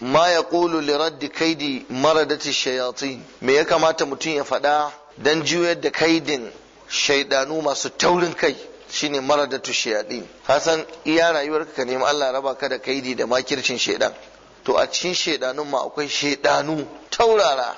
ma ya ƙulu liraddi kaidi maradati shayatin me ya kamata mutum ya faɗa don juyar da kaidin shaidanu masu taurin kai shine maradatu shayatin hasan iya rayuwarka ka nemi Allah raba ka da kaidi da makircin shaidan to a cikin shaidanun ma akwai shaidanu taurara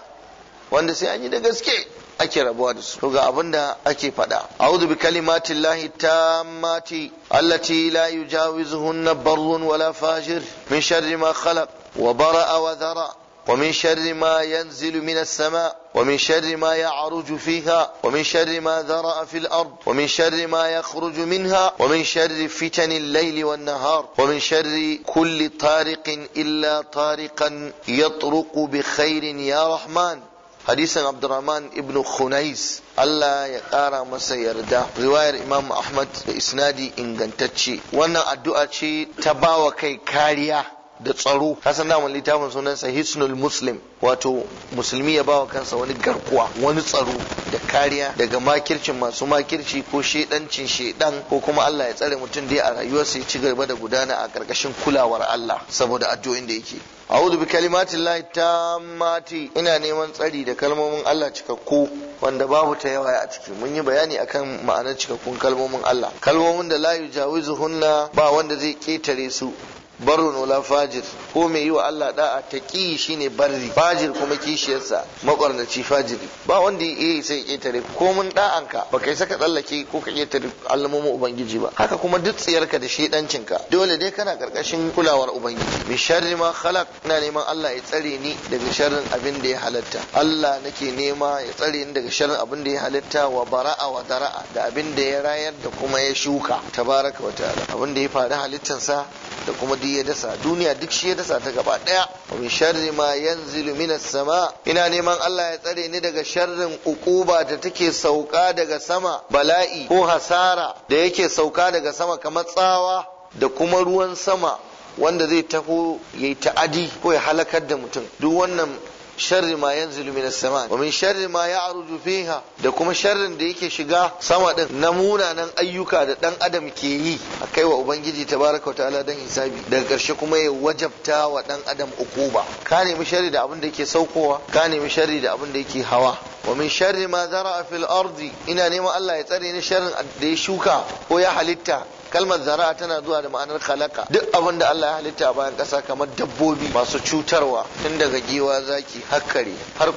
wanda sai an yi da gaske ake rabuwa da su to ga abin da ake faɗa a'udhu bi kalimatin lahi tammati allati la yujawizuhunna barrun wala fajir min sharri ma khalaq وبرأ وذرأ ومن شر ما ينزل من السماء ومن شر ما يعرج فيها ومن شر ما ذرأ في الأرض ومن شر ما يخرج منها ومن شر فتن الليل والنهار ومن شر كل طارق إلا طارقا يطرق بخير يا رحمن حديث عبد الرحمن ابن خنيس Allah ya ƙara masa yarda riwayar Imam Ahmad da isnadi ingantacce wannan addu'a ce ta bawa kai kariya da tsaro kasan naman littafin sunan sunansa hisnul muslim wato musulmi ya bawa kansa wani garkuwa wani tsaro da kariya daga makircin masu makirci ko shedancin shedan ko kuma Allah ya tsare mutum dai a rayuwarsa ya ci gaba da gudana a karkashin kulawar Allah saboda addu'o'in da yake a'udhu bi llahi tammati ina neman tsari da kalmomin Allah cikakku wanda babu ta yawa a ciki mun yi bayani akan ma'anar cikakkun kalmomin Allah kalmomin da la hunna ba wanda zai ketare su barun wala fajir ko mai yi wa Allah da'a shi shine barri fajir kuma kishiyarsa makwarnaci fajiri ba wanda ya yi sai ko mun da'anka ba yi saka tsallake ko ka ketare alamomin ubangiji ba haka kuma duk tsiyarka da shi ka dole dai kana karkashin kulawar ubangiji bi sharri ma khalaq ina neman Allah ya tsare ni daga sharrin abin da ya halatta Allah nake nema ya tsare ni daga sharrin abin da ya halatta wa bara'a wa dara'a da abin da ya rayar da kuma ya shuka tabaraka wa ta'ala abin da ya faru halittansa da kuma duk ya dasa duniya duk shi ya dasa ta gaba daya wa min sharri ma yanzilu minas sama ina neman Allah ya tsare ni daga sharrin ukuba da take sauka daga sama bala'i ko hasara da yake sauka daga sama kamar tsawa da kuma ruwan sama wanda zai taho yayi ta'adi ko ya halakar da mutum duk wannan sharri ma yanzilu minas sama wa min sharri ma ya'ruju fiha da kuma sharrin da yake shiga sama din na munanan ayyuka da dan adam ke yi akai wa ubangiji tabaraka wa ta'ala dan hisabi daga karshe kuma ya wajabta wa dan adam ukuba ka nemi sharri da abin da yake saukowa ka nemi sharri da abin da yake hawa wa min sharri ma zara fil ardi ina neman Allah ya tsare ni sharrin da ya shuka ko ya halitta kalmar zara'a tana zuwa da ma'anar khalaka duk abin da Allah ya halitta bayan ƙasa kamar dabbobi masu cutarwa tun daga giwa zaki hakkari har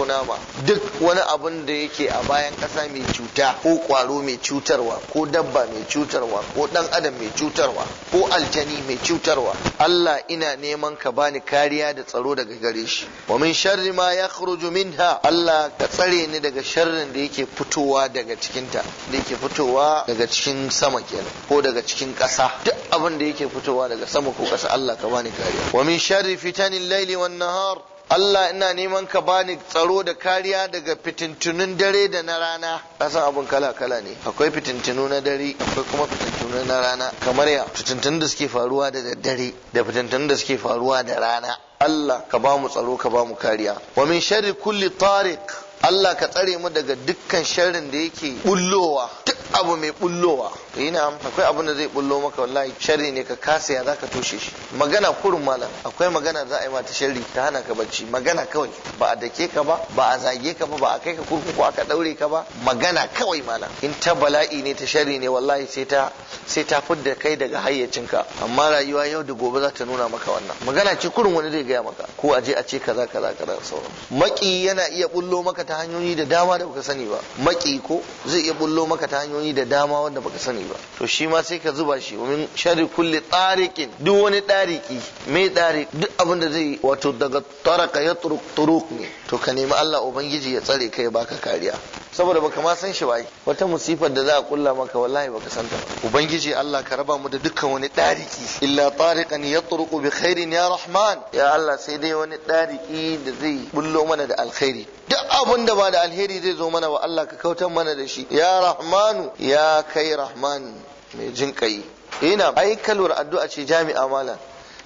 ko nama duk wani abun da yake a bayan ƙasa mai cuta ko kwaro mai cutarwa ko dabba mai cutarwa ko ɗan adam mai cutarwa ko aljani mai cutarwa Allah ina neman ka bani kariya da tsaro daga gare shi wa min sharri ma yakhruju minha Allah ka tsare ni daga sharrin da yake fitowa daga cikinta da yake fitowa daga cikin sama kenan ko daga cikin ƙasa duk abin da yake fitowa daga sama ko kasa. Allah ka bani kariya wa min sharri fitanil laili wan nahar Allah ina neman ka bani tsaro da kariya daga fitintunun dare da na rana kasan abun kala kala ne akwai fitintunu na dare akwai kuma fitintunu na rana kamar ya fitintunun da suke faruwa da daddare da fitintunun da suke faruwa da rana Allah ka ba mu tsaro ka ba mu kariya wa min sharri kulli tariq Allah ka tsare mu daga dukkan sharrin da yake bullowa abu mai bullowa Yana eh, yi akwai abin da zai bullo maka wallahi sharri ne ka kasa ya zaka toshe shi magana kurun malam akwai magana za a yi mata sharri ta hana ka bacci magana kawai ba a dake ka ba ba a zage ka ba ba a kai ka kurkuku aka daure ka ba magana kawai malam in ta bala'i ne ta sharri ne wallahi sai ta sai ta fidda kai daga hayyacin ka. amma rayuwa yau da gobe za ta nuna maka wannan magana ce kurun wani zai gaya maka ko a je a ce kaza kaza kaza sauran maki yana iya bullo maka ta hanyoyi da dama da baka sani ba maki ko zai iya bullo maka ta hanyoyi kanuni da dama wanda baka sani ba to shi ma sai ka zuba shi min shari kulli tariqin duk wani dariki mai tari duk abin da zai wato daga taraka ya turuk turuk ne to ka nemi Allah ubangiji ya tsare kai baka kariya saboda baka ma san shi ba wata musifar da za a kulla maka wallahi baka san ta ba ubangiji Allah ka raba mu da dukkan wani dariki illa tariqan yatruqu bi khairin ya rahman ya Allah sai dai wani dariki da zai bullo mana da alkhairi duk abun da ba da alheri zai zo mana wa Allah ka kautar mana da shi ya rahmanu ya kai rahman mai jin kai ina ai kalwar addu'a ce jami'a malam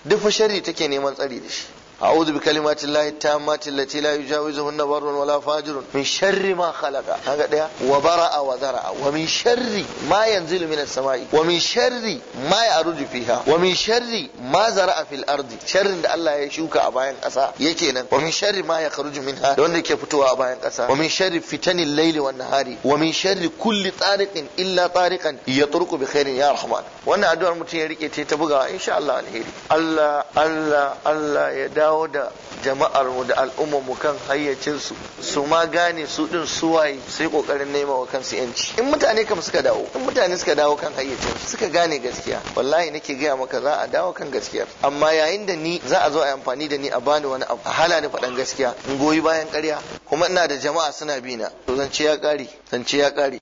duk fa take neman tsari da shi أعوذ بكلمات الله التامات التي لا يجاوزهن بر ولا فاجر من شر ما خلق هكذا وبرأ وذرأ ومن شر ما ينزل من السماء ومن شر ما يعرج فيها ومن شر ما زرع في الأرض شر الله يشوك أباين أسا يكينا ومن شر ما يخرج منها لون كفتوا أباين أسا ومن شر فتن الليل والنهار ومن شر كل طارق إلا طارقا يطرق بخير يا رحمن وأنا أدعو المتين يريك تتبقى إن شاء الله الهيري الله الله الله يدعو dawo da jama'ar mu da al'ummar mu kan hayyacin su su ma gane su din suwaye sai kokarin nema wa kansu yanci in mutane kam suka dawo in mutane suka dawo kan hayyacin suka gane gaskiya wallahi nake gaya maka za a dawo kan gaskiyar amma yayin da ni za a zo a amfani da ni a bani wani abu a hala ni faɗan gaskiya in goyi bayan ƙarya kuma ina da jama'a suna bi na to zance ya zan zance ya ƙare